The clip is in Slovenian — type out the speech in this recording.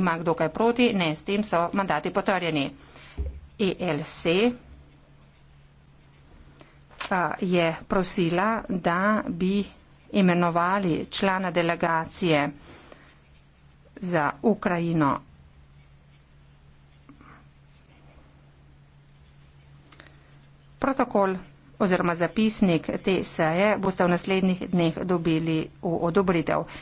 ima kdo kaj proti, ne, s tem so mandati potrjeni. ELC je prosila, da bi imenovali člana delegacije za Ukrajino protokol oziroma zapisnik te seje boste v naslednjih dneh dobili v odobritev.